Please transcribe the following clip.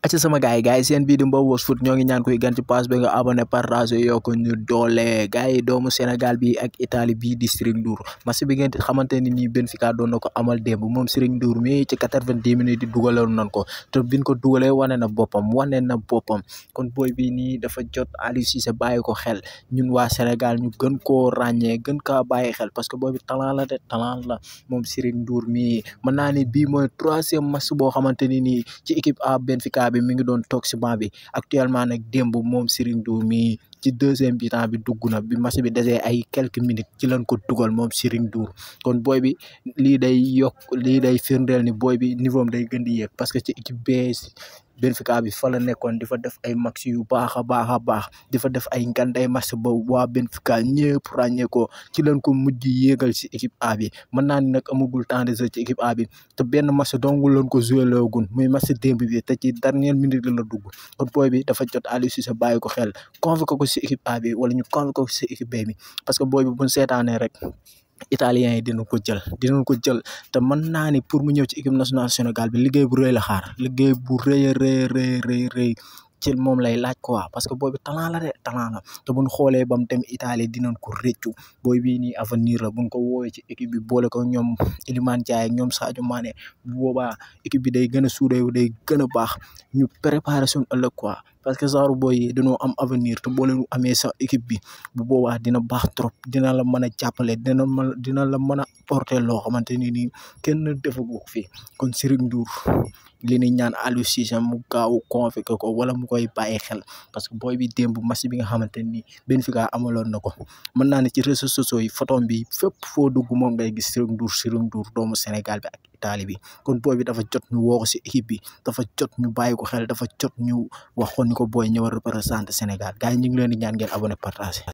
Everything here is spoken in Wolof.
acca sama gay sen seen bii di Mbawos Foot ñoo ngi ñaan koy gën ci pass bi nga abonné rage yo ko ñu doole gay doomu Sénégal bi ak italy bi di Serigne ma ci bi ngeen xamanteni ni Benfica do nako ko amal debu mom Serigne dour mi ci 90 minutes di dugaloon non ko te biñ ko dugalee wané na bopam wané na bopam kon boy bi ni dafa jot ali Cissé bàyyi ko xel ñun wa Sénégal ñu gën ko ragné gën ka bàyyi xel parce que boy bi talent la té talent la mom Serigne dour mi mën naa ni bii mooy troisième match bo xamanteni ni ci équipe A Benfica bi mi ngi doon toog si banc bi actuellement nag démb moom Serigne Doum mii ci deuxième bi temps bi duguna bi match bi desee ay quelques minutes ci lan ko dugal mom Serigne Dour kon boy bi li day yok li day firndel ni boy bi niveau am day gën di parce que ci équipe B Benfica bi fa la nekkoon difa def ay match yu baaxa baaxa baax difa def ay nganday match ba wa Benfica ñepp rañé ko ci lan ko mujj yéegal ci équipe A bi man naa ni nag amagul temps de jeu ci équipe A bi te ben match dong lan ko joué loogun muy match démb bi te ci dernière minute la dugg kon boy bi dafa jot Aliou Cissé bayiko xel convoque ko si équipe A bi wala ñu convoqué ko si équipe B parce que booy bi buñ seetaanee rek italien yi dinañ ko jël dinañ ko jël te man naa ni pour mu ñëw ci équipe nationale Sénégal bi liggéey bu rëy la xaar liggéey bu rëy a rëy rëy rëy rëy ci moom lay laaj quoi parce que booy bi talent la de talent la te buñ xoolee ba mu dem Italie dinañ ko réccu booy bi nii avenir la buñ ko woowee ci équipe bi boole ko ñoom Iliman Ndiaye ñoom Sadio Mané bu boobaa équipe bi day gën a suudewu day gën a baax ñu parce que genre booy yi dañoo am avenir te boo leen amee sax équipe bi bu boobaa dina baax trop dina la mën a jàppale dina mën dina la mën a porté loo xamante ni nii kenn defagu ko fii kon Serigne Ndour li ni ñaan Aliou Cissé mu gaaw convoqué ko wala mu koy bàyyi xel parce que booy bi démb match bi nga xamante ni Benfica amaloon na ko mën naa ne ci réseaux sociaux yi photo bi fépp foo dugg moom ngay gis Serigne Ndour Serigne Ndour doomu Sénégal bi ak Italie bi kon booy bi dafa jot ñu woo si équipe bi dafa jot ñu bàyyi ko xel dafa jot ñu waxoon ni ko booy ñëw représenté Sénégal gars yi ñu ngi leen di ñaan ngeen abonné partager